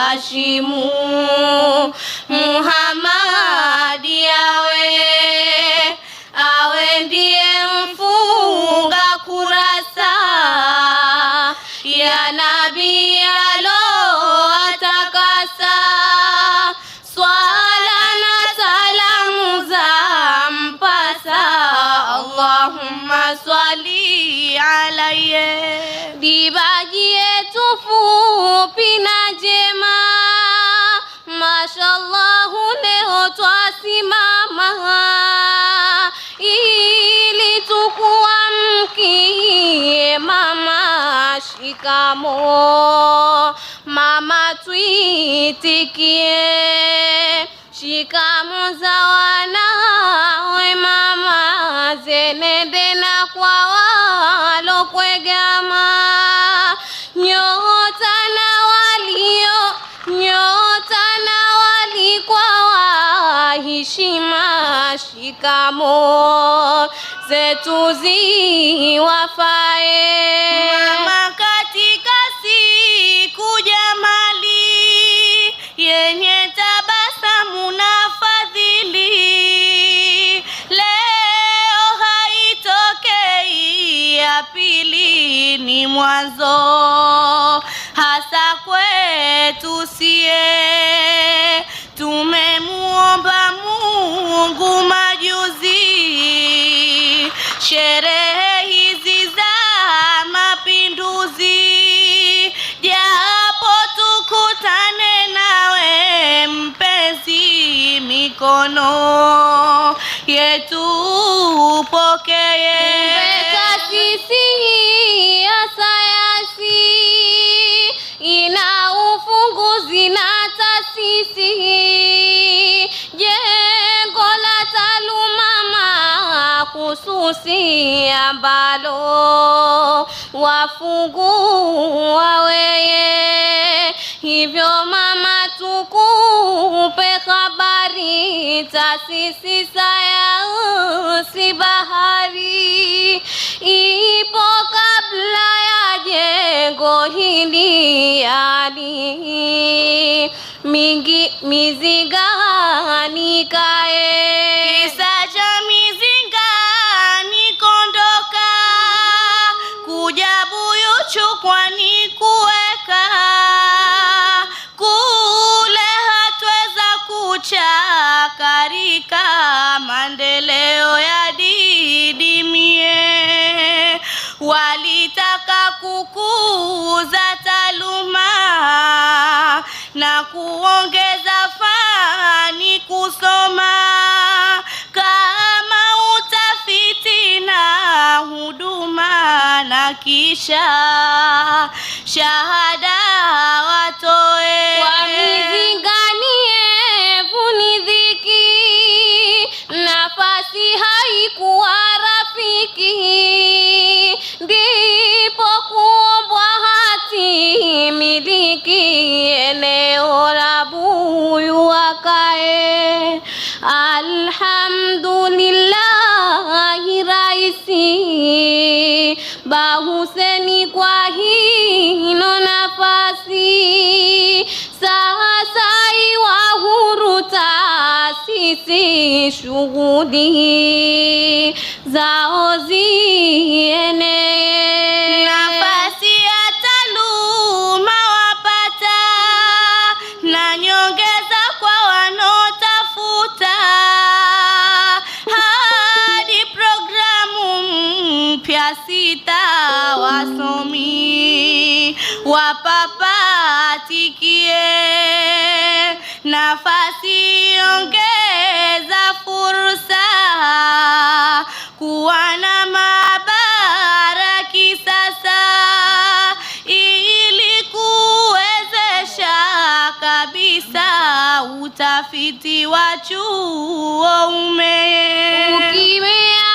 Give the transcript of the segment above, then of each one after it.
Hashimu Muhamadi awe awe ndiye mfunga kurasa ya nabii Allahumma swali alayhi dibajie raha ili mama, shikamo mama, twitikie shikamo za wanawe mama zenende shikamo zetu ziwafae mama katika siku jamali yenye tabasamu na fadhili leo haitokei ya pili ni mwanzo hasa kwetu sie tumemu kumwomba Mungu majuzi, sherehe hizi za mapinduzi, japo tukutane nawe mpenzi, mikono yetu upokee. Sisi hii ya sayansi mahususi ambalo wafungua weye, hivyo mama, tukupe habari taasisi sayansi bahari ipo kabla ya jengo hili ali mingi mizigani kae kisa cha kuimarika, maendeleo yadidimie. Walitaka kukuza taaluma na kuongeza fani kusoma, kama utafiti na huduma, na kisha shahada watoe baik si shughuli zao Nafasi wapata na nyongeza kwa hadi programu mpya wasomi wapapatikie nafasi yonge kuwa na mabara kisasa ili kuwezesha kabisa utafiti wa chuo umeukimea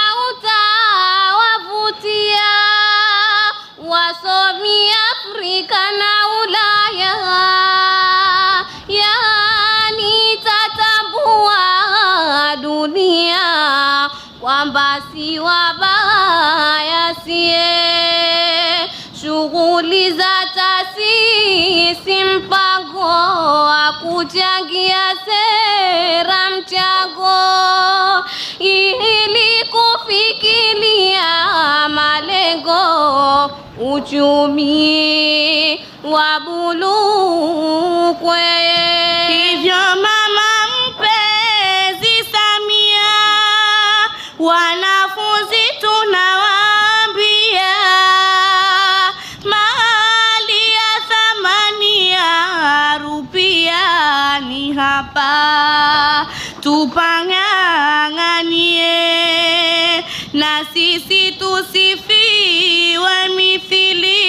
উঠিয়া tupang'ang'anie na sisi tusifiwe mithili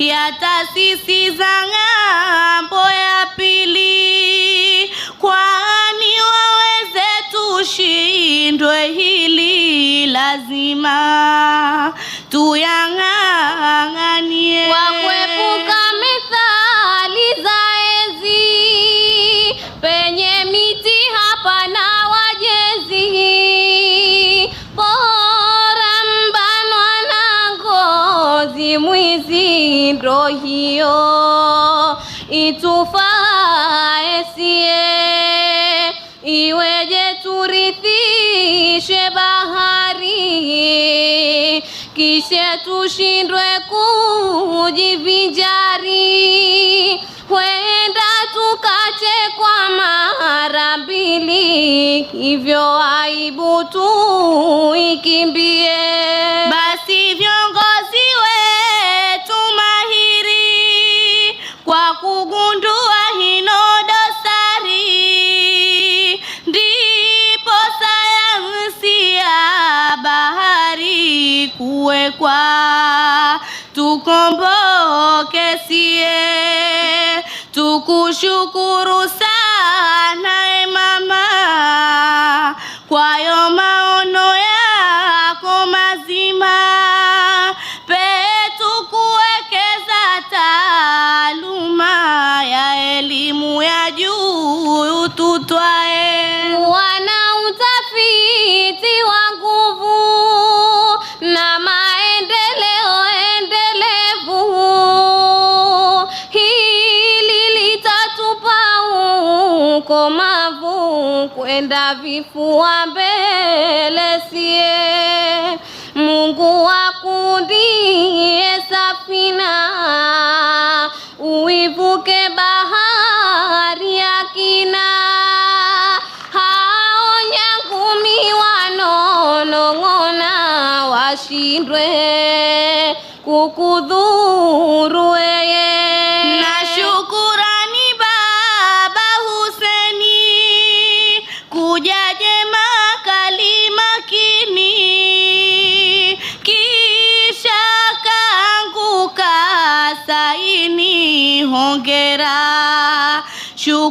ya taasisi za ng'ambo ya pili, kwani waweze tushindwe hili, lazima tuyang'ang'anie kwa kuepuka iweje turithishe bahari, kisha tushindwe kujivinjari, huenda tukatekwa mara mbili, hivyo aibu tu ikimbie basi شكر mavu kwenda vifua mbele, sie Mungu wa akundie safina uivuke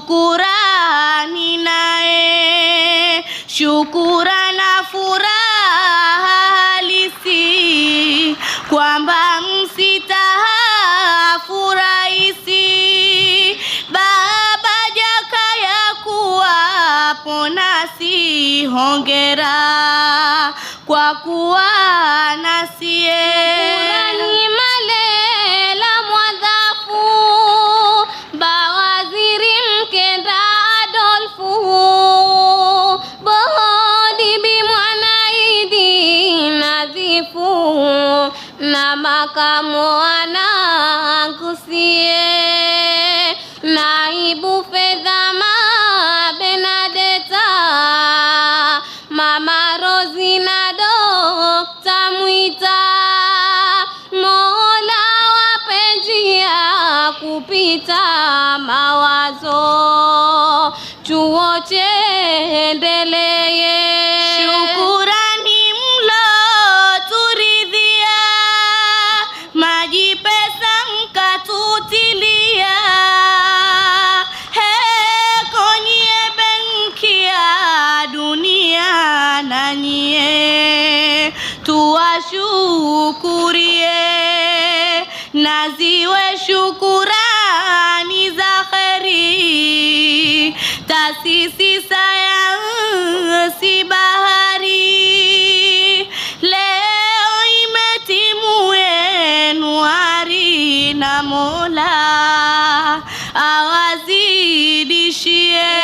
shukurani naye, shukura na furaha halisi kwamba msitahafu rahisi. Baba Jakaya kuwapo nasi, hongera kwa kuwa kamwana angusie naibu fedha ma Benadeta mama Rozi na dokta Mwita Mola wape njia kupita mawazo chuo chendelee juu na ziwe shukurani za kheri. Taasisi Sayansi Bahari leo imetimu enuari na Mola awazidishie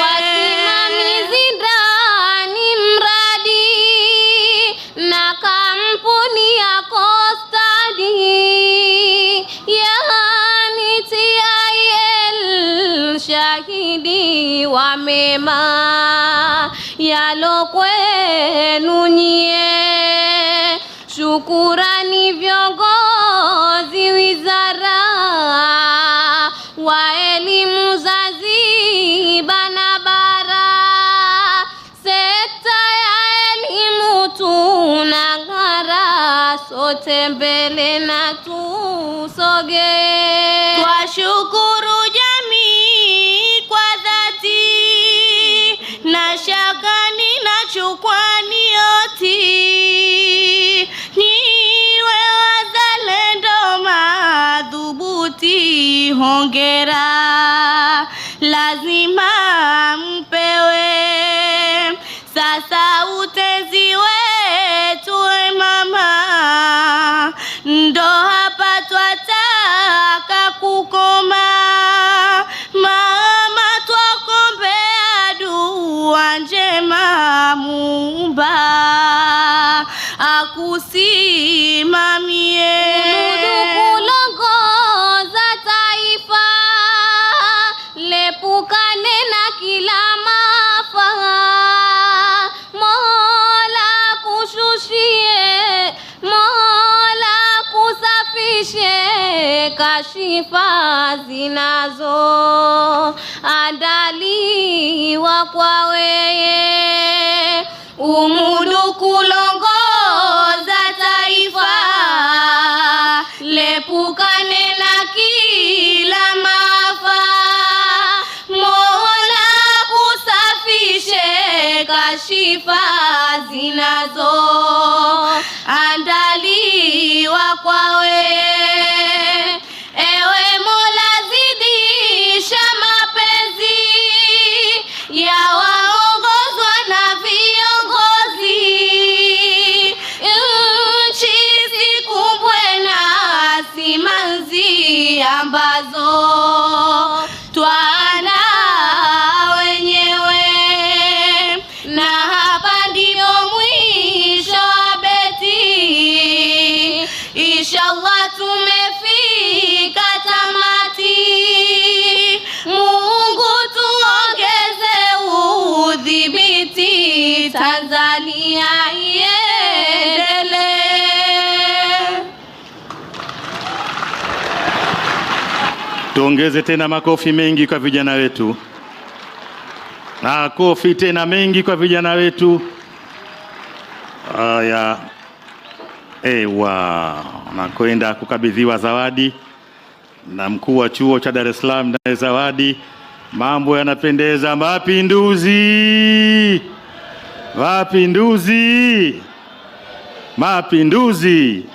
wa mema yalo kwenu nyie. Shukurani viongozi wizara wa elimu Zanzibar na bara, sekta ya elimu tunang'ara, sote mbele na tusoge dua njema Muumba akusimamie kulongoza taifa, lepukane na kila maafa. Mola kusafishe kashifa zinazo kwa weye umudu kulongoza taifa, lepukane na kila mafa Mola kusafishe kashifa zinazo andaliwa kwa weye ambazo Tuongeze tena makofi mengi kwa vijana wetu, makofi tena mengi kwa vijana wetu. Haya, ewa, nakwenda kukabidhiwa zawadi na mkuu wa chuo cha Dar es Salaam, naye zawadi. Mambo yanapendeza. Mapinduzi, mapinduzi, mapinduzi!